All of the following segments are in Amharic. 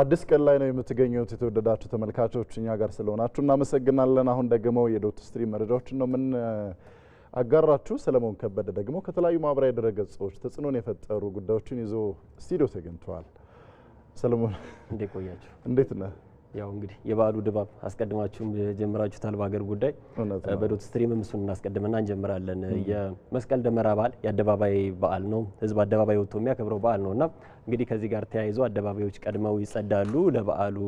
አዲስ ቀን ላይ ነው የምትገኙት። የተወደዳችሁ ተመልካቾች እኛ ጋር ስለሆናችሁ እናመሰግናለን። አሁን ደግሞ የዶት ስትሪም መረጃዎችን ነው ምን አጋራችሁ። ሰለሞን ከበደ ደግሞ ከተለያዩ ማህበራዊ ድረገጾች ተጽዕኖን የፈጠሩ ጉዳዮችን ይዞ ስቱዲዮ ተገኝተዋል። ሰለሞን እንዴት ቆያችሁ? እንዴት ነህ? ያው እንግዲህ የበዓሉ ድባብ አስቀድማችሁም ጀምራችሁታል። በሀገር ጉዳይ በዶት ስትሪም እሱን እናስቀድምና እንጀምራለን። የመስቀል ደመራ በዓል የአደባባይ በዓል ነው። ህዝብ አደባባይ ወጥቶ የሚያከብረው በዓል ነው እና እንግዲህ ከዚህ ጋር ተያይዞ አደባባዮች ቀድመው ይጸዳሉ፣ ለበዓሉ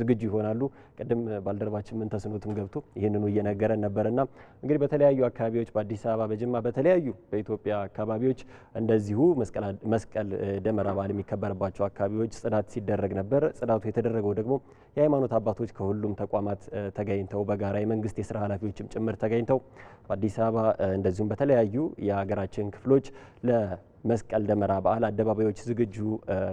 ዝግጁ ይሆናሉ። ቅድም ባልደረባችን ምን ተስኖትም ገብቶ ይህንኑ እየነገረን ነበርና እንግዲህ በተለያዩ አካባቢዎች በአዲስ አበባ፣ በጅማ፣ በተለያዩ በኢትዮጵያ አካባቢዎች እንደዚሁ መስቀል ደመራ በዓል የሚከበርባቸው አካባቢዎች ጽዳት ሲደረግ ነበር። ጽዳቱ የተደረገው ደግሞ የሃይማኖት አባቶች ከሁሉም ተቋማት ተገኝተው በጋራ የመንግስት የስራ ኃላፊዎችም ጭምር ተገኝተው በአዲስ አበባ እንደዚሁም በተለያዩ የሀገራችን ክፍሎች ለ መስቀል ደመራ በዓል አደባባዮች ዝግጁ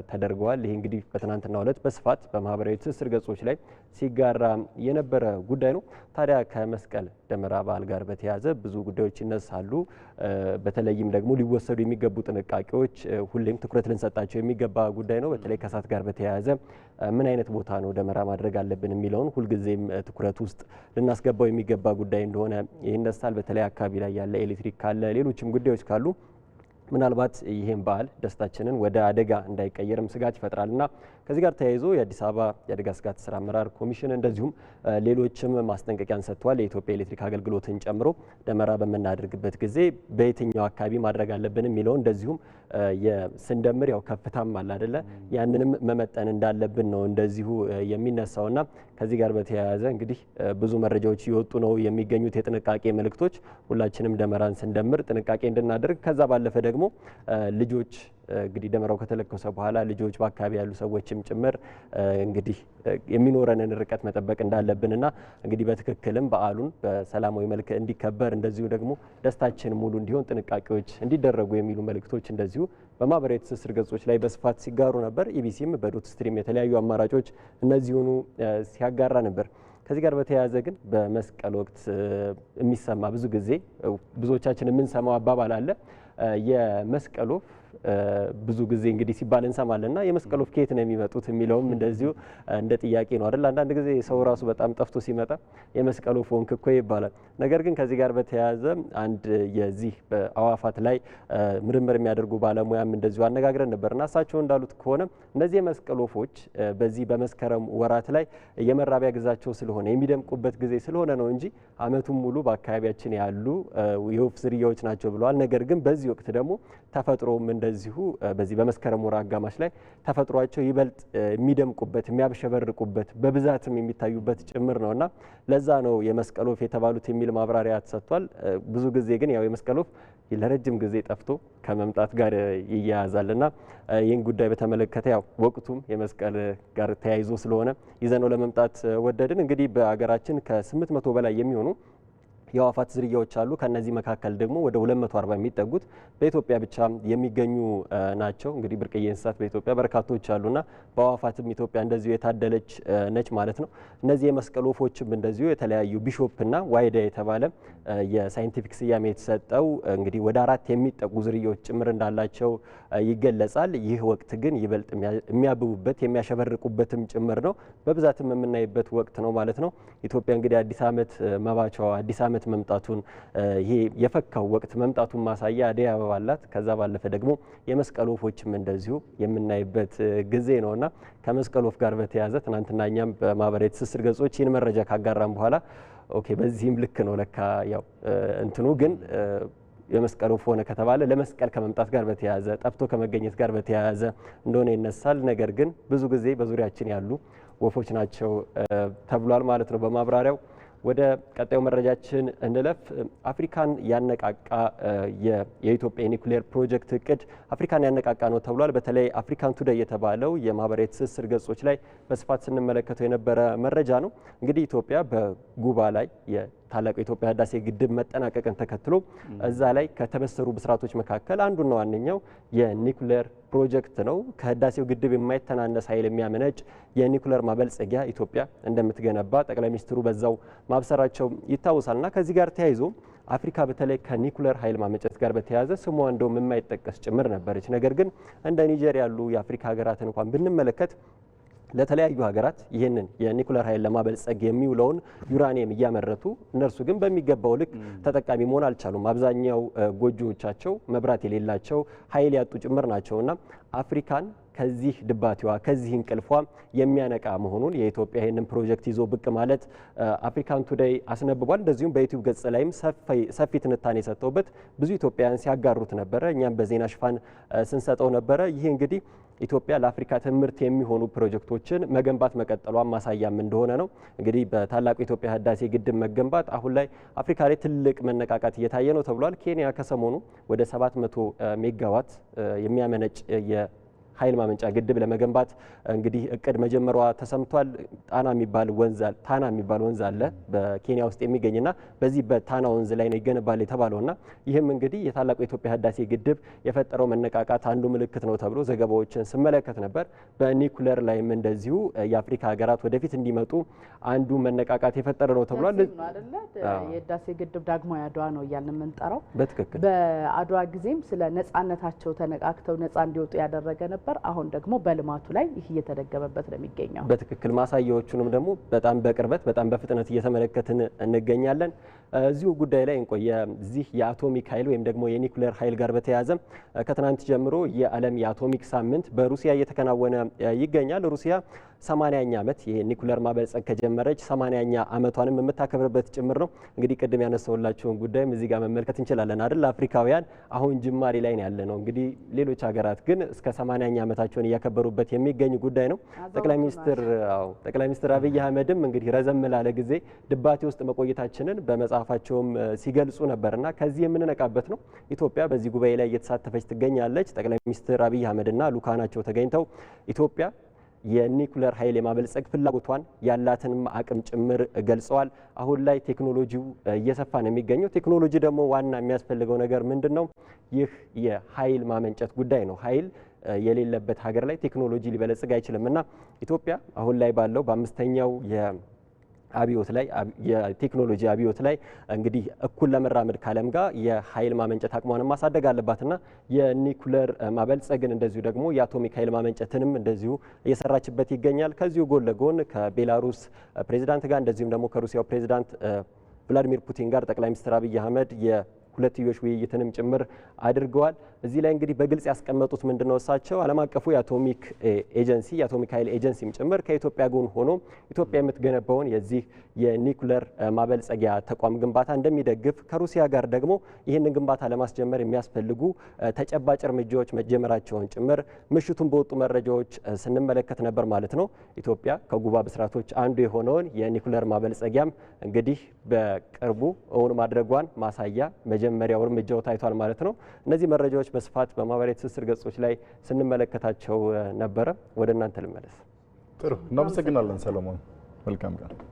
ተደርገዋል። ይህ እንግዲህ በትናንትናው ዕለት በስፋት በማህበራዊ ትስስር ገጾች ላይ ሲጋራ የነበረ ጉዳይ ነው። ታዲያ ከመስቀል ደመራ በዓል ጋር በተያያዘ ብዙ ጉዳዮች ይነሳሉ። በተለይም ደግሞ ሊወሰዱ የሚገቡ ጥንቃቄዎች ሁሌም ትኩረት ልንሰጣቸው የሚገባ ጉዳይ ነው። በተለይ ከእሳት ጋር በተያያዘ ምን አይነት ቦታ ነው ደመራ ማድረግ አለብን የሚለውን ሁልጊዜም ትኩረት ውስጥ ልናስገባው የሚገባ ጉዳይ እንደሆነ ይነሳል። በተለይ አካባቢ ላይ ያለ ኤሌክትሪክ ካለ ሌሎችም ጉዳዮች ካሉ ምናልባት ይህም በዓል ደስታችንን ወደ አደጋ እንዳይቀየርም ስጋት ይፈጥራልና ከዚህ ጋር ተያይዞ የአዲስ አበባ የአደጋ ስጋት ስራ አመራር ኮሚሽን እንደዚሁም ሌሎችም ማስጠንቀቂያን ሰጥተዋል። የኢትዮጵያ ኤሌክትሪክ አገልግሎትን ጨምሮ ደመራ በምናደርግበት ጊዜ በየትኛው አካባቢ ማድረግ አለብን የሚለው እንደዚሁም ስንደምር ያው ከፍታም አለ አደለ ያንንም መመጠን እንዳለብን ነው እንደዚሁ ና ከዚህ ጋር በተያያዘ እንግዲህ ብዙ መረጃዎች እየወጡ ነው የሚገኙት። የጥንቃቄ ምልክቶች ሁላችንም ደመራን ስንደምር ጥንቃቄ እንድናደርግ ከዛ ባለፈ ደግሞ ልጆች እንግዲህ ደመራው ከተለኮሰ በኋላ ልጆች በአካባቢ ያሉ ሰዎችም ጭምር እንግዲህ የሚኖረንን ርቀት መጠበቅ እንዳለብንና እንግዲህ በትክክልም በዓሉን በሰላማዊ መልክ እንዲከበር እንደዚሁ ደግሞ ደስታችን ሙሉ እንዲሆን ጥንቃቄዎች እንዲደረጉ የሚሉ መልእክቶች እንደዚሁ በማህበራዊ ትስስር ገጾች ላይ በስፋት ሲጋሩ ነበር። ኢቢሲም በዶት ስትሪም የተለያዩ አማራጮች እነዚሁኑ ሲያጋራ ነበር። ከዚህ ጋር በተያያዘ ግን በመስቀል ወቅት የሚሰማ ብዙ ጊዜ ብዙዎቻችን የምንሰማው አባባል አለ የመስቀል ወፍ ብዙ ጊዜ እንግዲህ ሲባል እንሰማለን እና የመስቀል ወፍ ከየት ነው የሚመጡት የሚለውም እንደዚሁ እንደ ጥያቄ ነው አይደል? አንዳንድ ጊዜ ሰው ራሱ በጣም ጠፍቶ ሲመጣ የመስቀል ወፍ ወንክ እኮ ይባላል። ነገር ግን ከዚህ ጋር በተያያዘ አንድ የዚህ በአዋፋት ላይ ምርምር የሚያደርጉ ባለሙያም እንደዚሁ አነጋግረን ነበር እና እሳቸው እንዳሉት ከሆነ እነዚህ የመስቀል ወፎች በዚህ በመስከረም ወራት ላይ የመራቢያ ግዛቸው ስለሆነ የሚደምቁበት ጊዜ ስለሆነ ነው እንጂ አመቱን ሙሉ በአካባቢያችን ያሉ የወፍ ዝርያዎች ናቸው ብለዋል። ነገር ግን በዚህ በዚህ ወቅት ደግሞ ተፈጥሮም እንደዚሁ በዚህ በመስከረም ወር አጋማሽ ላይ ተፈጥሯቸው ይበልጥ የሚደምቁበት የሚያብሸበርቁበት በብዛትም የሚታዩበት ጭምር እና ለዛ ነው የመስቀል ወፍ የተባሉት የሚል ማብራሪያ ተሰጥቷል። ብዙ ጊዜ ግን ያው የመስቀል ወፍ ለረጅም ጊዜ ጠፍቶ ከመምጣት ጋር ይያያዛልና ይህን ጉዳይ በተመለከተ ያው ወቅቱም የመስቀል ጋር ተያይዞ ስለሆነ ይዘነው ለመምጣት ወደድን። እንግዲህ በሀገራችን ከ800 በላይ የሚሆኑ የአዕዋፋት ዝርያዎች አሉ። ከነዚህ መካከል ደግሞ ወደ 240 የሚጠጉት በኢትዮጵያ ብቻ የሚገኙ ናቸው። እንግዲህ ብርቅዬ እንስሳት በኢትዮጵያ በርካቶች አሉና በአዕዋፋትም ኢትዮጵያ እንደዚሁ የታደለች ነች ማለት ነው። እነዚህ የመስቀል ወፎችም እንደዚሁ የተለያዩ ቢሾፕና ዋይዳ የተባለ የሳይንቲፊክ ስያሜ የተሰጠው እንግዲህ ወደ አራት የሚጠጉ ዝርያዎች ጭምር እንዳላቸው ይገለጻል። ይህ ወቅት ግን ይበልጥ የሚያብቡበት የሚያሸበርቁበትም ጭምር ነው። በብዛትም የምናይበት ወቅት ነው ማለት ነው። ኢትዮጵያ እንግዲህ አዲስ ዓመት መባቻዋ አዲስ ዓመት መምጣቱን ይሄ የፈካው ወቅት መምጣቱን ማሳያ አደይ አበባ አላት። ከዛ ባለፈ ደግሞ የመስቀል ወፎችም እንደዚሁ የምናይበት ጊዜ ነውና ከመስቀል ወፍ ጋር በተያያዘ ትናንትና እኛም በማህበራዊ ትስስር ገጾች ይህን መረጃ ካጋራም በኋላ ኦኬ በዚህም ልክ ነው ለካ ያው እንትኑ ግን የመስቀሉ ወፍ ሆነ ከተባለ ለመስቀል ከመምጣት ጋር በተያያዘ ጠፍቶ ከመገኘት ጋር በተያያዘ እንደሆነ ይነሳል። ነገር ግን ብዙ ጊዜ በዙሪያችን ያሉ ወፎች ናቸው ተብሏል ማለት ነው በማብራሪያው። ወደ ቀጣዩ መረጃችን እንለፍ። አፍሪካን ያነቃቃ የኢትዮጵያ የኒኩሌር ፕሮጀክት እቅድ አፍሪካን ያነቃቃ ነው ተብሏል። በተለይ አፍሪካን ቱደይ የተባለው የማህበራዊ ትስስር ገጾች ላይ በስፋት ስንመለከተው የነበረ መረጃ ነው። እንግዲህ ኢትዮጵያ በጉባ ላይ ታላቁ የኢትዮጵያ ህዳሴ ግድብ መጠናቀቅን ተከትሎ እዛ ላይ ከተበሰሩ ብስራቶች መካከል አንዱና ዋነኛው የኒኩሌር ፕሮጀክት ነው። ከህዳሴው ግድብ የማይተናነስ ኃይል የሚያመነጭ የኒኩሌር ማበልጸጊያ ኢትዮጵያ እንደምትገነባ ጠቅላይ ሚኒስትሩ በዛው ማብሰራቸው ይታወሳልና ከዚህ ጋር ተያይዞ አፍሪካ በተለይ ከኒኩለር ኃይል ማመንጨት ጋር በተያያዘ ስሟ እንደውም የማይጠቀስ ጭምር ነበረች። ነገር ግን እንደ ኒጀር ያሉ የአፍሪካ ሀገራትን እንኳን ብንመለከት ለተለያዩ ሀገራት ይህንን የኒኩለር ኃይል ለማበልጸግ የሚውለውን ዩራኒየም እያመረቱ እነርሱ ግን በሚገባው ልክ ተጠቃሚ መሆን አልቻሉም። አብዛኛው ጎጆዎቻቸው መብራት የሌላቸው ኃይል ያጡ ጭምር ናቸውና አፍሪካን ከዚህ ድባቴዋ ከዚህ እንቅልፏ የሚያነቃ መሆኑን የኢትዮጵያ ይህንን ፕሮጀክት ይዞ ብቅ ማለት አፍሪካን ቱዴይ አስነብቧል። እንደዚሁም በዩቲዩብ ገጽ ላይም ሰፊ ትንታኔ ሰጥተውበት ብዙ ኢትዮጵያውያን ሲያጋሩት ነበረ። እኛም በዜና ሽፋን ስንሰጠው ነበረ። ይህ እንግዲህ ኢትዮጵያ ለአፍሪካ ትምህርት የሚሆኑ ፕሮጀክቶችን መገንባት መቀጠሏን ማሳያም እንደሆነ ነው። እንግዲህ በታላቁ የኢትዮጵያ ህዳሴ ግድብ መገንባት አሁን ላይ አፍሪካ ላይ ትልቅ መነቃቃት እየታየ ነው ተብሏል። ኬንያ ከሰሞኑ ወደ 700 ሜጋዋት የሚያመነጭ ኃይል ማመንጫ ግድብ ለመገንባት እንግዲህ እቅድ መጀመሯ ተሰምቷል። ጣና የሚባል ወንዝ ታና የሚባል ወንዝ አለ በኬንያ ውስጥ የሚገኝና በዚህ በታና ወንዝ ላይ ነው ይገነባል የተባለውና ይህም እንግዲህ የታላቁ የኢትዮጵያ ህዳሴ ግድብ የፈጠረው መነቃቃት አንዱ ምልክት ነው ተብሎ ዘገባዎችን ስመለከት ነበር። በኒኩለር ላይም እንደዚሁ የአፍሪካ ሀገራት ወደፊት እንዲመጡ አንዱ መነቃቃት የፈጠረ ነው ተብሏል። የህዳሴ ግድብ ዳግሞ አድዋ ነው እያልን የምንጠራው በትክክል በአድዋ ጊዜም ስለ ነጻነታቸው ተነቃክተው ነጻ እንዲወጡ ያደረገ ነበር። ነበር። አሁን ደግሞ በልማቱ ላይ ይህ እየተደገመበት ነው የሚገኘው። በትክክል ማሳያዎቹንም ደግሞ በጣም በቅርበት በጣም በፍጥነት እየተመለከትን እንገኛለን። እዚሁ ጉዳይ ላይ እንቆይ። የዚህ የአቶሚክ ኃይል ወይም ደግሞ የኒኩሌር ኃይል ጋር በተያያዘ ከትናንት ጀምሮ የዓለም የአቶሚክ ሳምንት በሩሲያ እየተከናወነ ይገኛል። ሩሲያ ሰማንያኛ ዓመት የኒኩለር ማበልጸግ ከጀመረች ሰማንያኛ ዓመቷንም የምታከብርበት ጭምር ነው። እንግዲህ ቅድም ያነሳውላችሁን ጉዳይም እዚህ ጋር መመልከት እንችላለን አይደል? አፍሪካውያን አሁን ጅማሬ ላይ ነው ያለ ነው። እንግዲህ ሌሎች ሀገራት ግን እስከ ሰማንያኛ ዓመታቸውን እያከበሩበት የሚገኝ ጉዳይ ነው። ጠቅላይ ሚኒስትር ጠቅላይ ሚኒስትር አብይ አህመድም እንግዲህ ረዘም ላለ ጊዜ ድባቴ ውስጥ መቆየታችንን በመጽ መጽሐፋቸውም ሲገልጹ ነበርና ከዚህ የምንነቃበት ነው። ኢትዮጵያ በዚህ ጉባኤ ላይ እየተሳተፈች ትገኛለች። ጠቅላይ ሚኒስትር አብይ አህመድና ልዑካናቸው ተገኝተው ኢትዮጵያ የኒኩለር ኃይል የማበልጸግ ፍላጎቷን ያላትንም አቅም ጭምር ገልጸዋል። አሁን ላይ ቴክኖሎጂው እየሰፋ ነው የሚገኘው። ቴክኖሎጂ ደግሞ ዋና የሚያስፈልገው ነገር ምንድን ነው? ይህ የኃይል ማመንጨት ጉዳይ ነው። ኃይል የሌለበት ሀገር ላይ ቴክኖሎጂ ሊበለጽግ አይችልም እና ኢትዮጵያ አሁን ላይ ባለው በአምስተኛው አብዮት ላይ የቴክኖሎጂ አብዮት ላይ እንግዲህ እኩል ለመራመድ ካለም ጋር የኃይል ማመንጨት አቅሟን ማሳደግ አለባትና የኒኩለር ማበልጸግን እንደዚሁ ደግሞ የአቶሚክ ኃይል ማመንጨትንም እንደዚሁ እየሰራችበት ይገኛል። ከዚሁ ጎን ለጎን ከቤላሩስ ፕሬዚዳንት ጋር እንደዚሁም ደግሞ ከሩሲያው ፕሬዚዳንት ቭላዲሚር ፑቲን ጋር ጠቅላይ ሚኒስትር አብይ አህመድ ሁለትዮሽ ውይይትንም ጭምር አድርገዋል። እዚህ ላይ እንግዲህ በግልጽ ያስቀመጡት ምንድነው እሳቸው ዓለም አቀፉ የአቶሚክ ኤጀንሲ የአቶሚክ ኃይል ኤጀንሲም ጭምር ከኢትዮጵያ ጎን ሆኖ ኢትዮጵያ የምትገነባውን የዚህ የኒኩለር ማበልጸጊያ ተቋም ግንባታ እንደሚደግፍ ከሩሲያ ጋር ደግሞ ይህንን ግንባታ ለማስጀመር የሚያስፈልጉ ተጨባጭ እርምጃዎች መጀመራቸውን ጭምር ምሽቱን በወጡ መረጃዎች ስንመለከት ነበር ማለት ነው። ኢትዮጵያ ከጉባ ብስራቶች አንዱ የሆነውን የኒኩለር ማበልጸጊያም እንግዲህ በቅርቡ እውን ማድረጓን ማሳያ የመጀመሪያው እርምጃው ታይቷል ማለት ነው። እነዚህ መረጃዎች በስፋት በማህበራዊ ትስስር ገጾች ላይ ስንመለከታቸው ነበረ። ወደ እናንተ ልመለስ። ጥሩ እናመሰግናለን ሰለሞን። መልካም ቀን